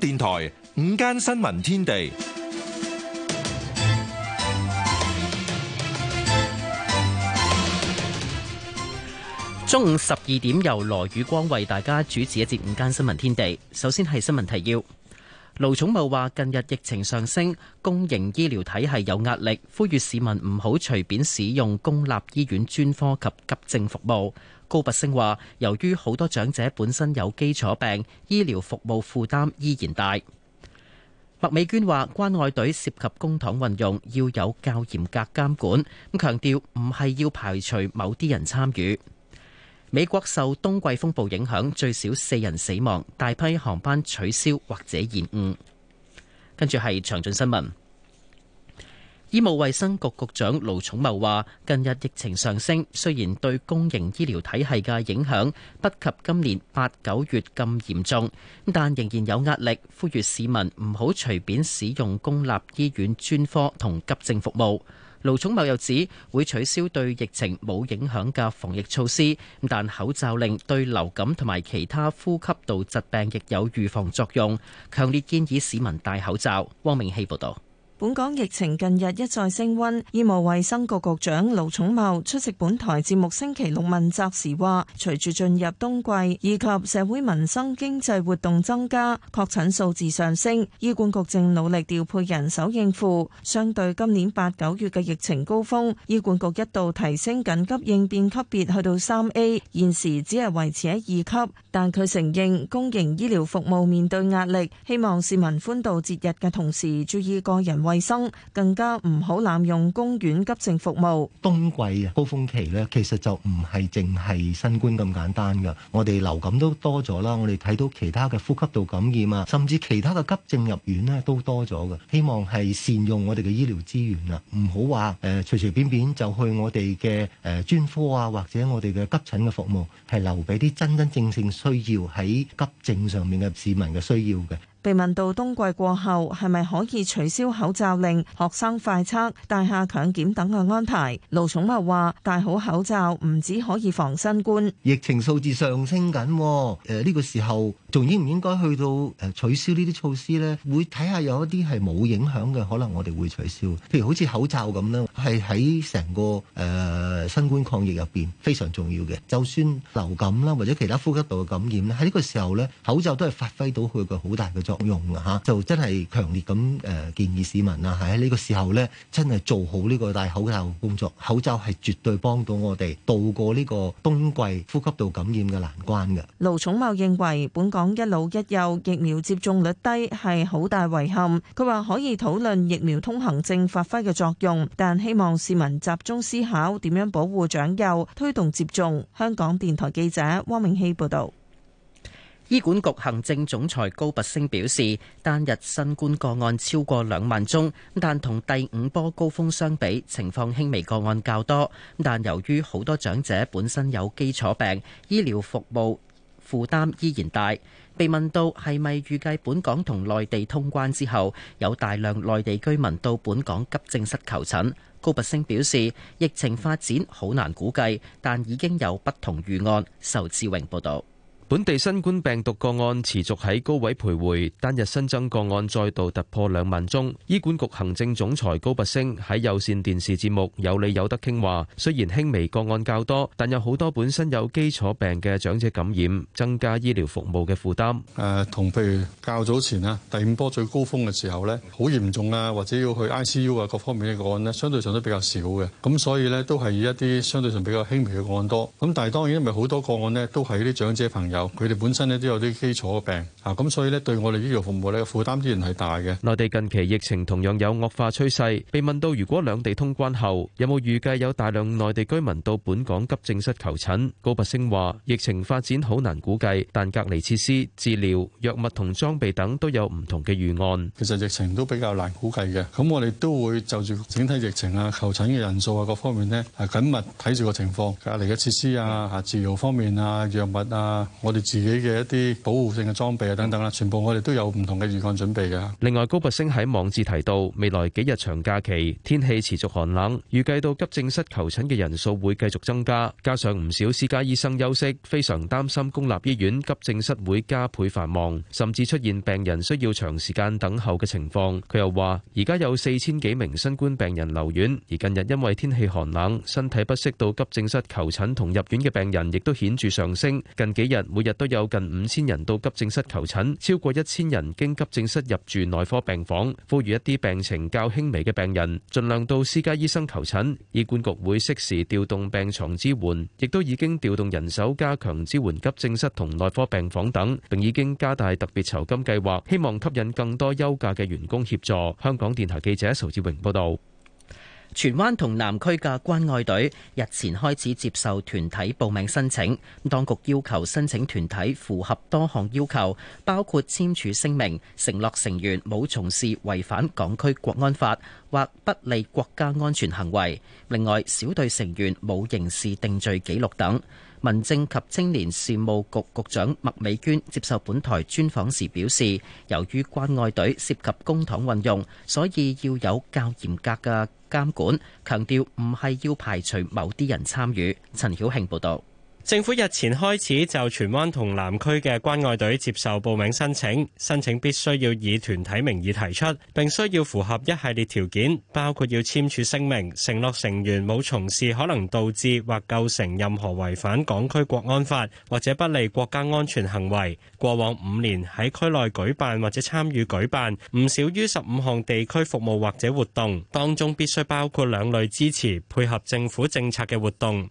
電台午間新聞天地，中午十二點由羅宇光為大家主持一節午間新聞天地。首先係新聞提要，盧寵茂話近日疫情上升，公營醫療體系有壓力，呼籲市民唔好隨便使用公立醫院專科及及急症服務。高拔陞話，由於好多長者本身有基礎病，醫療服務負擔依然大。麥美娟話，關愛隊涉及公帑運用，要有較嚴格監管。咁強調唔係要排除某啲人參與。美國受冬季風暴影響，最少四人死亡，大批航班取消或者延誤。跟住係詳盡新聞。醫務衛生局局長盧寵茂話：近日疫情上升，雖然對公營醫療體系嘅影響不及今年八九月咁嚴重，但仍然有壓力，呼籲市民唔好隨便使用公立醫院專科同急症服務。盧寵茂又指會取消對疫情冇影響嘅防疫措施，但口罩令對流感同埋其他呼吸道疾病亦有預防作用，強烈建議市民戴口罩。汪明希報道。本港疫情近日一再升温，醫務衛生局局長盧寵茂出席本台節目星期六問責時話：隨住進入冬季以及社會民生經濟活動增加，確診數字上升，醫管局正努力調配人手應付。相對今年八九月嘅疫情高峰，醫管局一度提升緊急應變級別去到三 A，現時只係維持喺二級。但佢承認公營醫療服務面對壓力，希望市民歡度節日嘅同時，注意個人。衛生，更加唔好濫用公院急症服務。冬季高峰期呢，其實就唔係淨係新冠咁簡單噶我哋流感都多咗啦，我哋睇到其他嘅呼吸道感染啊，甚至其他嘅急症入院呢，都多咗嘅。希望係善用我哋嘅醫療資源啊，唔好話誒，隨隨便便就去我哋嘅誒專科啊，或者我哋嘅急診嘅服務，係留俾啲真真正正需要喺急症上面嘅市民嘅需要嘅。被問到冬季過後係咪可以取消口罩令、學生快測、大廈強檢等嘅安排，盧寵茂話：戴好口罩唔止可以防新冠，疫情數字上升緊，誒、這、呢個時候仲應唔應該去到誒取消呢啲措施呢？會睇下有一啲係冇影響嘅，可能我哋會取消。譬如好似口罩咁呢，係喺成個誒、呃、新冠抗疫入邊非常重要嘅。就算流感啦或者其他呼吸道嘅感染咧，喺呢個時候呢，口罩都係發揮到佢嘅好大嘅作用。用啊嚇，就真係強烈咁誒建議市民啊，喺呢個時候呢，真係做好呢個戴口罩工作。口罩係絕對幫到我哋渡過呢個冬季呼吸道感染嘅難關嘅。盧寵茂認為，本港一老一幼疫苗接種率低係好大遺憾。佢話可以討論疫苗通行證發揮嘅作用，但希望市民集中思考點樣保護長幼，推動接種。香港電台記者汪明熙報導。醫管局行政總裁高拔升表示，單日新冠個案超過兩萬宗，但同第五波高峰相比，情況輕微個案較多。但由於好多長者本身有基礎病，醫療服務負擔依然大。被問到係咪預計本港同內地通關之後，有大量內地居民到本港急症室求診，高拔升表示，疫情發展好難估計，但已經有不同預案。仇志榮報道。本地新冠病毒個案持續喺高位徘徊，單日新增個案再度突破兩萬宗。醫管局行政總裁高拔升喺有綫電視節目《有理有得傾》話，雖然輕微個案較多，但有好多本身有基礎病嘅長者感染，增加醫療服務嘅負擔。誒，同譬如較早前啊，第五波最高峰嘅時候咧，好嚴重啊，或者要去 I C U 啊，各方面嘅個案咧，相對上都比較少嘅。咁所以咧，都係以一啲相對上比較輕微嘅個案多。咁但係當然，因為好多個案咧，都係啲長者朋友。佢哋本身咧都有啲基礎病啊，咁所以咧對我哋醫療服務咧負擔依然係大嘅。內地近期疫情同樣有惡化趨勢。被問到如果兩地通關後，有冇預計有大量內地居民到本港急症室求診？高拔昇話：疫情發展好難估計，但隔離設施、治療、藥物同裝備等都有唔同嘅預案。其實疫情都比較難估計嘅，咁我哋都會就住整體疫情啊、求診嘅人數啊各方面咧，係緊密睇住個情況，隔離嘅設施啊、啊治療方面啊、藥物啊。我哋自己嘅一啲保護性嘅裝備啊等等啦，全部我哋都有唔同嘅預案準備嘅。另外，高拔陞喺網誌提到，未來幾日長假期天氣持續寒冷，預計到急症室求診嘅人數會繼續增加，加上唔少私家醫生休息，非常擔心公立醫院急症室會加倍繁忙，甚至出現病人需要長時間等候嘅情況。佢又話：而家有四千幾名新冠病人留院，而近日因為天氣寒冷，身體不適到急症室求診同入院嘅病人亦都顯著上升。近幾日。每日都有近五千人到急症室求診，超過一千人經急症室入住內科病房。呼籲一啲病情較輕微嘅病人，盡量到私家醫生求診。醫管局會適時調動病床支援，亦都已經調動人手加強支援急症室同內科病房等，並已經加大特別酬金計劃，希望吸引更多休假嘅員工協助。香港電台記者仇志榮報道。荃灣同南區嘅關愛隊日前開始接受團體報名申請，當局要求申請團體符合多項要求，包括簽署聲明，承諾成員冇從事違反港區國安法或不利國家安全行為，另外小隊成員冇刑事定罪記錄等。民政及青年事務局局長麥美娟接受本台專訪時表示，由於關愛隊涉及公帑運用，所以要有較嚴格嘅監管。強調唔係要排除某啲人參與。陳曉慶報道。政府日前開始就荃灣同南區嘅關愛隊接受報名申請，申請必須要以團體名義提出，並需要符合一系列條件，包括要簽署聲明，承諾成員冇從事可能導致或構成任何違反港區國安法或者不利國家安全行為。過往五年喺區內舉辦或者參與舉辦唔少於十五項地區服務或者活動，當中必須包括兩類支持配合政府政策嘅活動。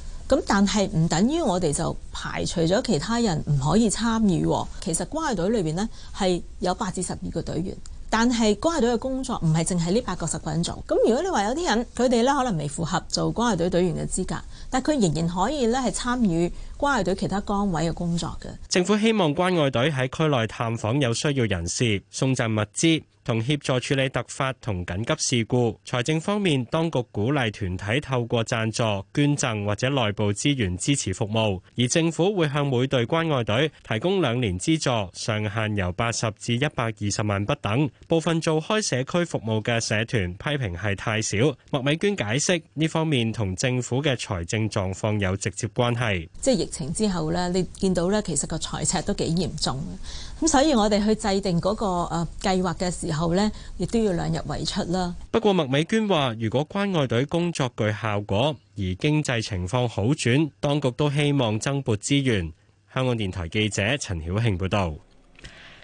咁但係唔等於我哋就排除咗其他人唔可以參與。其實關愛隊裏邊呢係有八至十二個隊員，但係關愛隊嘅工作唔係淨係呢八個十個人做。咁如果你話有啲人佢哋呢可能未符合做關愛隊隊員嘅資格，但佢仍然可以呢係參與關愛隊其他崗位嘅工作嘅，政府希望關愛隊喺區內探訪有需要人士，送贈物資，同協助處理突發同緊急事故。財政方面，當局鼓勵團體透過贊助、捐贈或者內部資源支持服務，而政府會向每隊關愛隊提供兩年資助，上限由八十至一百二十萬不等。部分做開社區服務嘅社團批評係太少。麥美娟解釋呢方面同政府嘅財政狀況有直接關係，即情之後呢，你見到呢，其實個財赤都幾嚴重嘅，咁所以我哋去制定嗰個誒計劃嘅時候呢，亦都要量入為出啦。不過麥美娟話：如果關愛隊工作具效果，而經濟情況好轉，當局都希望增撥資源。香港電台記者陳曉慶報導。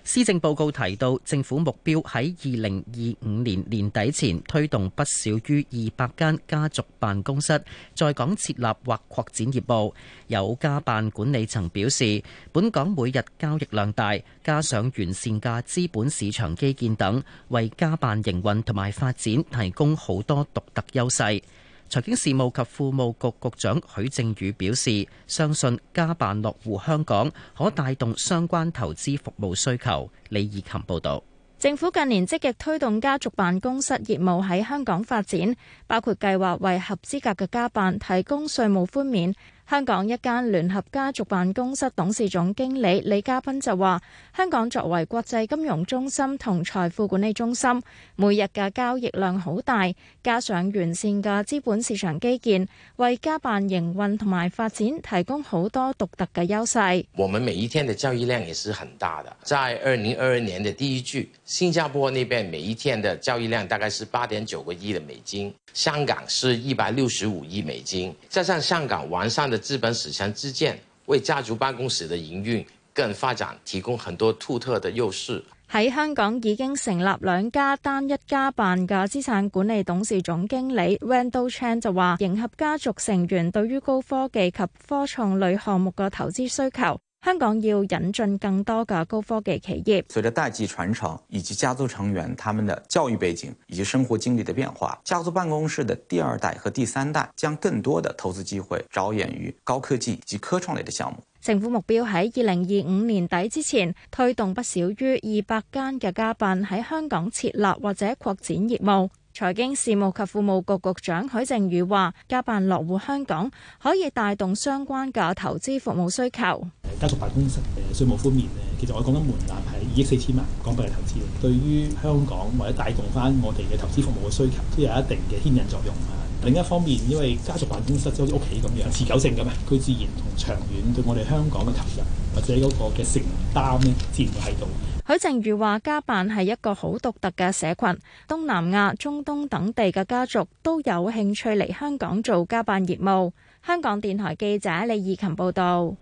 施政報告提到，政府目標喺二零二五年年底前推動不少於二百間家族辦公室在港設立或擴展業務。有家辦管理層表示，本港每日交易量大，加上完善嘅資本市場基建等，為家辦營運同埋發展提供好多獨特優勢。財經事務及庫務局局長許正宇表示，相信家辦落戶香港可帶動相關投資服務需求。李義琴報導，政府近年積極推動家族辦公室業務喺香港發展，包括計劃為合資格嘅家辦提供稅務寬免。香港一間聯合家族辦公室董事總經理李嘉斌就話，香港作為國際金融中心同財富管理中心，每日嘅交易量好大，加上完善嘅資本市場基建，為家辦營運同埋發展提供好多獨特嘅優勢。我們每一天嘅交易量也是很大的。在二零二二年的第一季，新加坡那邊每一天嘅交易量大概是八點九個億嘅美金，香港是一百六十五億美金，加上香港完善嘅資本市場基建，為家族辦公室的營運更發展提供很多獨特的優勢。喺香港已經成立兩家單一家辦嘅資產管理董事總經理 Randall Chan 就話，迎合家族成員對於高科技及科創類項目嘅投資需求。香港要引進更多嘅高科技企業。隨着代際傳承以及家族成員他們的教育背景以及生活經歷的變化，家族辦公室的第二代和第三代將更多的投資機會着眼於高科技及科創類的項目。政府目標喺二零二五年底之前，推動不少於二百間嘅家辦喺香港設立或者擴展業務。財經事務及庫務局局長許正宇話，加辦落戶香港可以帶動相關嘅投資服務需求。家族辦公室嘅稅務方面咧，其實我講緊門檻係二億四千萬港幣嘅投資。對於香港或者帶動翻我哋嘅投資服務嘅需求，都有一定嘅牽引作用啊。另一方面，因為家族辦公室即好似屋企咁樣，持久性嘅嘛，佢自然同長遠對我哋香港嘅投入或者嗰個嘅承擔呢，自然會喺度。許靜瑜話，家辦係一個好獨特嘅社群，東南亞、中東等地嘅家族都有興趣嚟香港做家辦業務。香港電台記者李義琴報道。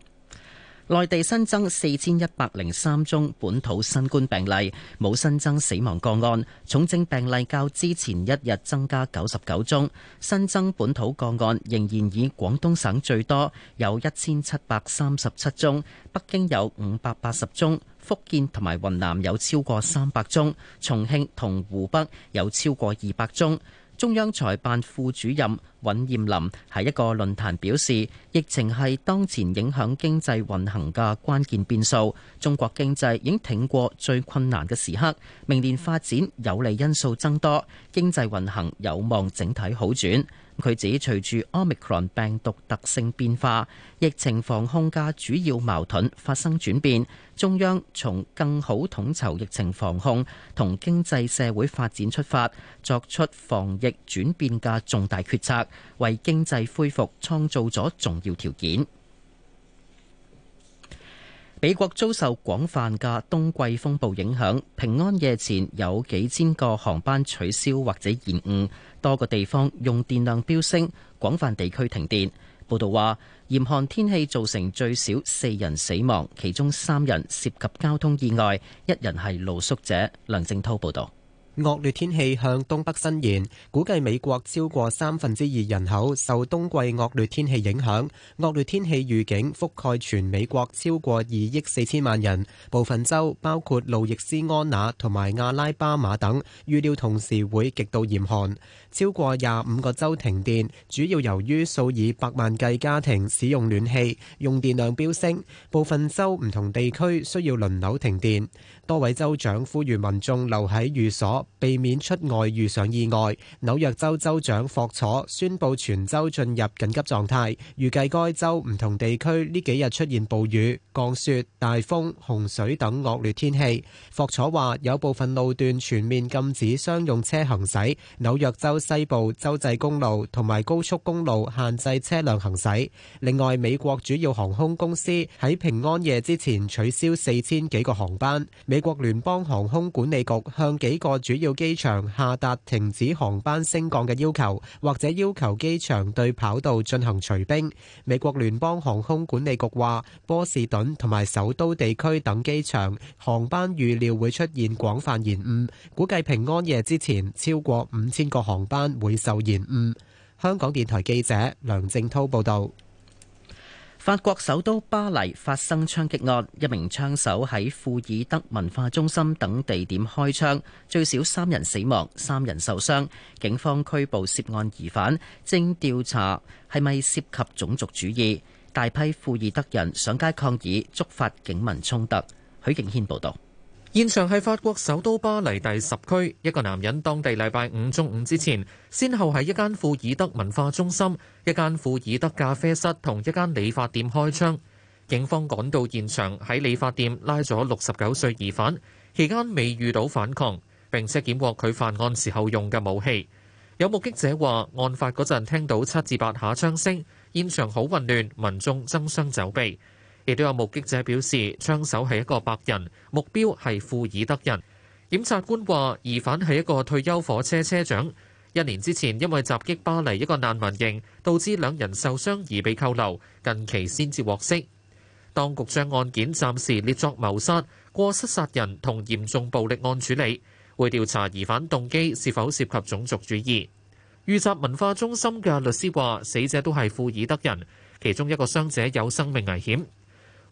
內地新增四千一百零三宗本土新冠病例，冇新增死亡個案，重症病例較之前一日增加九十九宗。新增本土個案仍然以廣東省最多，有一千七百三十七宗，北京有五百八十宗，福建同埋雲南有超過三百宗，重慶同湖北有超過二百宗。中央財辦副主任尹艷林喺一個論壇表示，疫情係當前影響經濟運行嘅關鍵變數。中國經濟已經挺過最困難嘅時刻，明年發展有利因素增多，經濟運行有望整體好轉。佢指隨住 omicron 病毒特性變化，疫情防控嘅主要矛盾發生轉變，中央從更好統籌疫情防控同經濟社會發展出發，作出防疫轉變嘅重大決策，為經濟恢復創造咗重要條件。美國遭受廣泛嘅冬季風暴影響，平安夜前有幾千個航班取消或者延誤，多個地方用電量飆升，廣泛地區停電。報道話，嚴寒天氣造成最少四人死亡，其中三人涉及交通意外，一人係露宿者。梁正濤報道。惡劣天氣向東北伸延，估計美國超過三分之二人口受冬季惡劣天氣影響。惡劣天氣預警覆蓋全美國超過二億四千萬人，部分州包括路易斯安那同埋阿拉巴馬等，預料同時會極度嚴寒。超過廿五個州停電，主要由於數以百萬計家庭使用暖氣，用電量飆升。部分州唔同地區需要輪流停電。多位州長呼籲民眾留喺寓所。避免出外遇上意外。紐約州州長霍楚宣布全州進入緊急狀態，預計該州唔同地區呢幾日出現暴雨、降雪、大風、洪水等惡劣天氣。霍楚話有部分路段全面禁止商用車行駛，紐約州西部州際公路同埋高速公路限制車輛行駛，另外，美國主要航空公司喺平安夜之前取消四千幾個航班。美國聯邦航空管理局向幾個主主要機場下達停止航班升降嘅要求，或者要求機場對跑道進行除冰。美國聯邦航空管理局話，波士頓同埋首都地區等機場航班預料會出現廣泛延誤，估計平安夜之前超過五千個航班會受延誤。香港電台記者梁正濤報導。法國首都巴黎發生槍擊案，一名槍手喺庫爾德文化中心等地點開槍，最少三人死亡，三人受傷。警方拘捕涉案疑犯，正調查係咪涉及種族主義。大批庫爾德人上街抗議，觸發警民衝突。許敬軒報道。現場係法國首都巴黎第十區，一個男人當地禮拜五中午之前，先後喺一間庫爾德文化中心、一間庫爾德咖啡室同一間理髮店開槍。警方趕到現場，喺理髮店拉咗六十九歲疑犯，期間未遇到反抗，並且檢獲佢犯案時候用嘅武器。有目擊者話，案發嗰陣聽到七至八下槍聲，現場好混亂，民眾爭相走避。亦都有目擊者表示，槍手係一個白人，目標係庫爾德人。檢察官話：疑犯係一個退休火車車長，一年之前因為襲擊巴黎一個難民營，導致兩人受傷而被扣留，近期先至獲釋。當局將案件暫時列作謀殺、過失殺人同嚴重暴力案處理，會調查疑犯動機是否涉及種族主義。遇襲文化中心嘅律師話：死者都係庫爾德人，其中一個傷者有生命危險。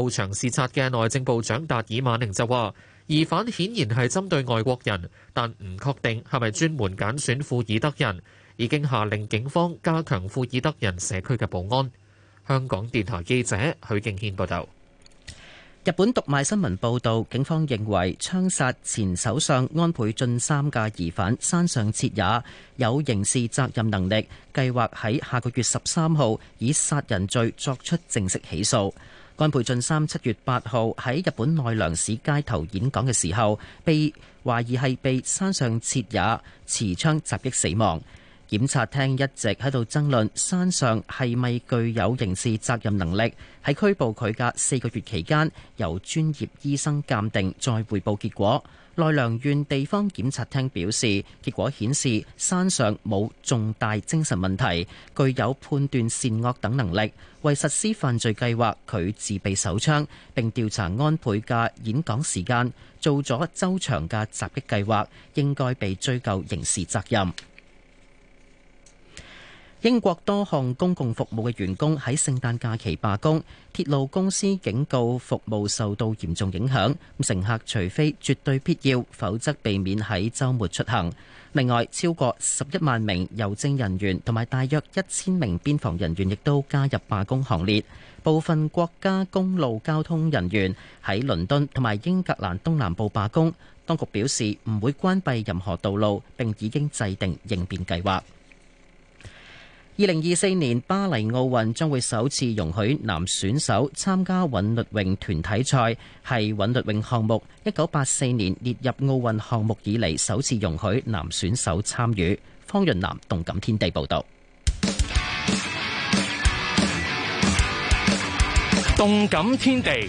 到場視察嘅內政部長達爾馬寧就話，疑犯顯然係針對外國人，但唔確定係咪專門揀選庫爾德人。已經下令警方加強庫爾德人社區嘅保安。香港電台記者許敬軒報道。日本讀賣新聞報道，警方認為槍殺前首相安倍晉三嘅疑犯山上徹也有刑事責任能力，計劃喺下個月十三號以殺人罪作出正式起訴。安倍晉三七月八號喺日本奈良市街頭演講嘅時候，被懷疑係被山上徹也持槍襲擊死亡。檢察廳一直喺度爭論山上係咪具有刑事責任能力。喺拘捕佢嘅四個月期間，由專業醫生鑑定再彙報結果。奈良縣地方檢察廳表示，結果顯示山上冇重大精神問題，具有判斷善惡等能力。為實施犯罪計劃，佢自備手槍，並調查安倍嘅演講時間，做咗周詳嘅襲擊計劃，應該被追究刑事責任。英國多項公共服務嘅員工喺聖誕假期罷工，鐵路公司警告服務受到嚴重影響。咁乘客除非絕對必要，否則避免喺週末出行。另外，超過十一萬名郵政人員同埋大約一千名邊防人員亦都加入罷工行列。部分國家公路交通人員喺倫敦同埋英格蘭東南部罷工。當局表示唔會關閉任何道路，並已經制定應變計劃。二零二四年巴黎奧運將會首次容許男選手參加韻律泳團體賽，係韻律泳項目一九八四年列入奧運項目以嚟，首次容許男選手參與。方潤南動感天地報道。動感天地。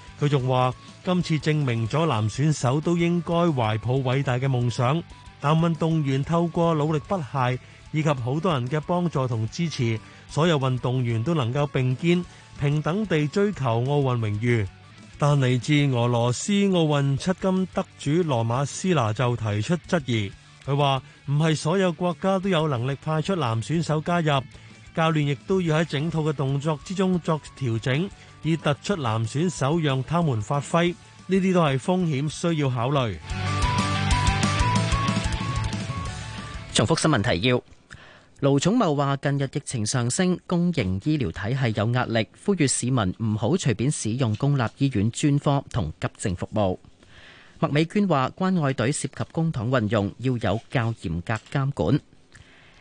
佢仲話：今次證明咗男選手都應該懷抱偉大嘅夢想，但運動員透過努力不懈，以及好多人嘅幫助同支持，所有運動員都能夠並肩、平等地追求奧運榮譽。但嚟自俄羅斯奧運七金得主羅馬斯拿就提出質疑，佢話唔係所有國家都有能力派出男選手加入，教練亦都要喺整套嘅動作之中作調整。以突出男選手，讓他們發揮，呢啲都係風險，需要考慮。重複新聞提要。盧寵茂話：近日疫情上升，公營醫療體系有壓力，呼籲市民唔好隨便使用公立醫院專科同急症服務。麥美娟話：關愛隊涉及公帑運用，要有較嚴格監管。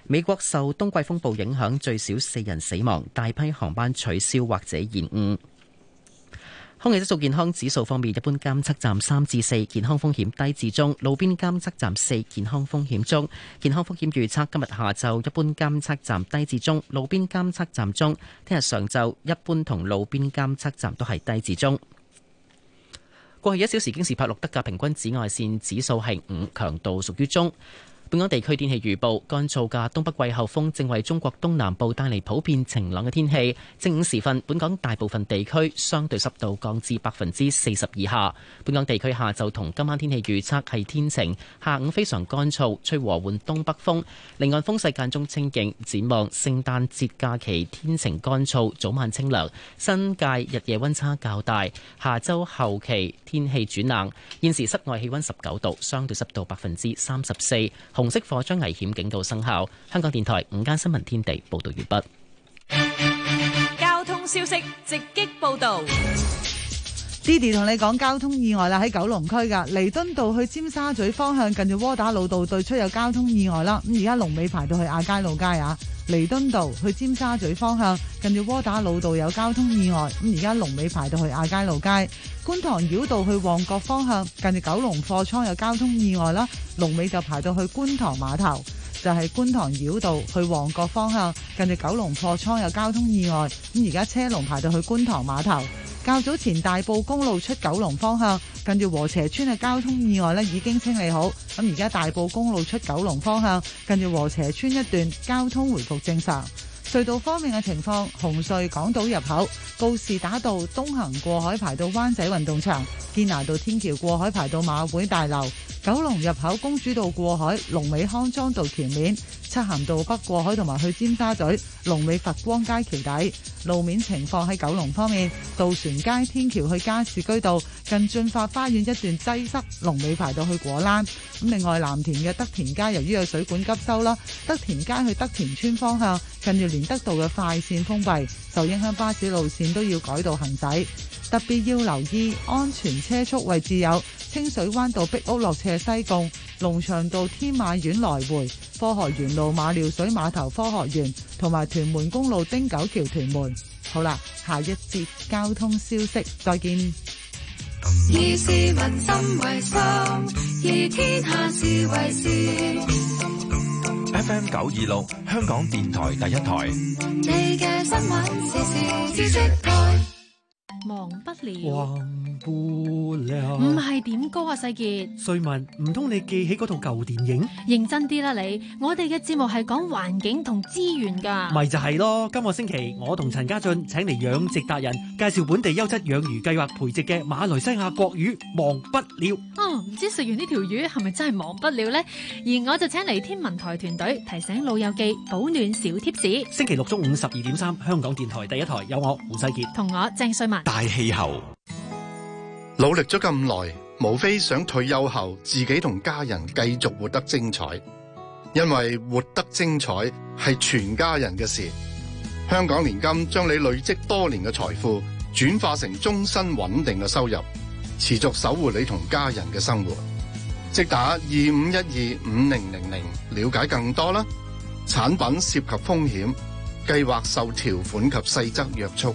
美國受冬季風暴影響，最少四人死亡，大批航班取消或者延誤。空氣質素健康指數方面，一般監測站三至四，健康風險低至中；路邊監測站四，健康風險中。健康風險預測今日下晝一般監測站低至中，路邊監測站中；聽日上晝一般同路邊監測站都係低至中。過去一小時京士柏錄得嘅平均紫外線指數係五，強度屬於中。本港地區天氣預報：乾燥嘅東北季候風正為中國東南部帶嚟普遍晴朗嘅天氣，正午時分，本港大部分地區相對濕度降至百分之四十以下。本港地區下晝同今晚天氣預測係天晴，下午非常乾燥，吹和緩東北風，離岸風勢間中清勁，展望聖誕節假期天晴乾燥，早晚清涼，新界日夜溫差較大。下周後期天氣轉冷。現時室外氣溫十九度，相對濕度百分之三十四。紅色火災危險警告生效。香港電台午間新聞天地報道完畢。交通消息直擊報道，Didi 同你講交通意外啦，喺九龍區噶彌敦道去尖沙咀方向近住窩打老道對出有交通意外啦。咁而家龍尾排到去亞皆老街啊。彌敦道去尖沙咀方向，近住窩打老道有交通意外，咁而家龍尾排到去亞皆老街；觀塘繞道去旺角方向，近住九龍貨倉有交通意外啦，龍尾就排到去觀塘碼頭，就係、是、觀塘繞道去旺角方向，近住九龍貨倉有交通意外，咁而家車龍排到去觀塘碼頭。較早前大埔,大埔公路出九龍方向近住禾輋村嘅交通意外咧已經清理好，咁而家大埔公路出九龍方向近住禾輋村一段交通回復正常。隧道方面嘅情況，紅隧港島入口、告士打道東行過海排到灣仔運動場、堅拿道天橋過海排到馬會大樓、九龍入口公主道過海龍尾康莊道橋面。漆咸道北過海同埋去尖沙咀龍尾佛光街橋底路面情況喺九龍方面，渡船街天橋去加士居道近駿發花園一段擠塞龍尾排到去果欄。咁另外藍田嘅德田街由於有水管急修，啦，德田街去德田村方向。趁住連德道嘅快線封閉，受影響巴士路線都要改道行駛。特別要留意安全車速位置有清水灣道壁屋落斜西貢、龍翔道天馬苑來回、科學園路馬料水碼頭科學園同埋屯門公路汀九橋屯門。好啦，下一節交通消息，再見。以市民心為心，以天下事為事。FM 九二六，26，香港電台第一台。忘不了，忘不了，唔係點歌啊，世杰。瑞文，唔通你記起嗰套舊電影？認真啲啦，啊，你，我哋嘅節目係講環境同資源噶。咪就係咯，今個星期我同陳家俊請嚟養殖達人介紹本地優質養魚計劃培植嘅馬來西亞國魚，忘不了。啊、哦，唔知食完呢條魚係咪真係忘不了咧？而我就請嚟天文台團隊提醒老友記保暖小貼士。星期六中午十二點三，香港電台第一台有我胡世杰同我鄭瑞文。大氣候，努力咗咁耐，無非想退休後自己同家人繼續活得精彩，因為活得精彩係全家人嘅事。香港年金將你累積多年嘅財富轉化成終身穩定嘅收入，持續守護你同家人嘅生活。即打二五一二五零零零了解更多啦。產品涉及風險，計劃受條款及細則約束。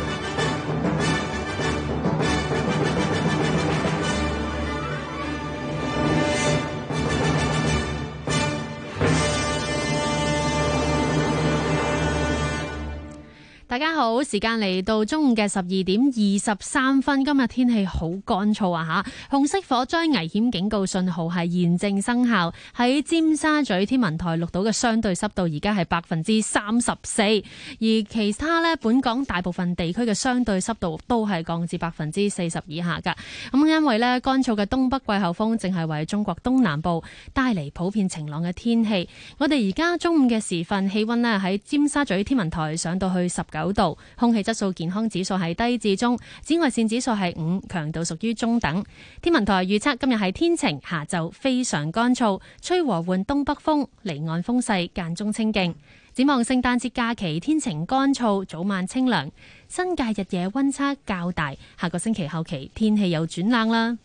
大家好，時間嚟到中午嘅十二點二十三分。今日天氣好乾燥啊，吓紅色火災危險警告信號係現正生效。喺尖沙咀天文台錄到嘅相對濕度而家係百分之三十四，而其他呢本港大部分地區嘅相對濕度都係降至百分之四十以下噶。咁因為呢乾燥嘅東北季候風淨係為中國東南部帶嚟普遍晴朗嘅天氣。我哋而家中午嘅時分，氣温呢喺尖沙咀天文台上到去十九。度空氣質素健康指數係低至中，紫外線指數係五，強度屬於中等。天文台預測今日係天晴，下晝非常乾燥，吹和緩東北風，離岸風勢間中清勁。展望聖誕節假期天晴乾燥早晚清涼，新界日夜溫差較大。下個星期後期天氣又轉冷啦。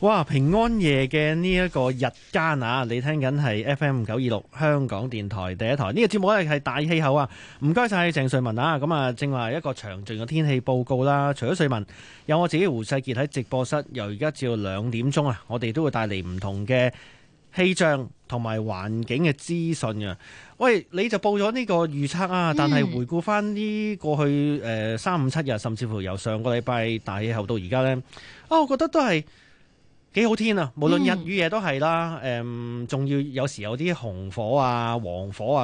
哇！平安夜嘅呢一個日間啊，你聽緊係 FM 九二六香港電台第一台呢個節目咧係大氣候啊。唔該晒，鄭瑞文啊，咁啊正話一個詳盡嘅天氣報告啦。除咗瑞文，有我自己胡世傑喺直播室，由而家至到兩點鐘啊，我哋都會帶嚟唔同嘅。氣象同埋環境嘅資訊啊！喂，你就報咗呢個預測啊！嗯、但係回顧翻呢過去誒三五七日，甚至乎由上個禮拜大氣候到而家咧，啊，我覺得都係幾好天啊！無論日與夜都係啦，誒仲要有時有啲紅火啊、黃火啊。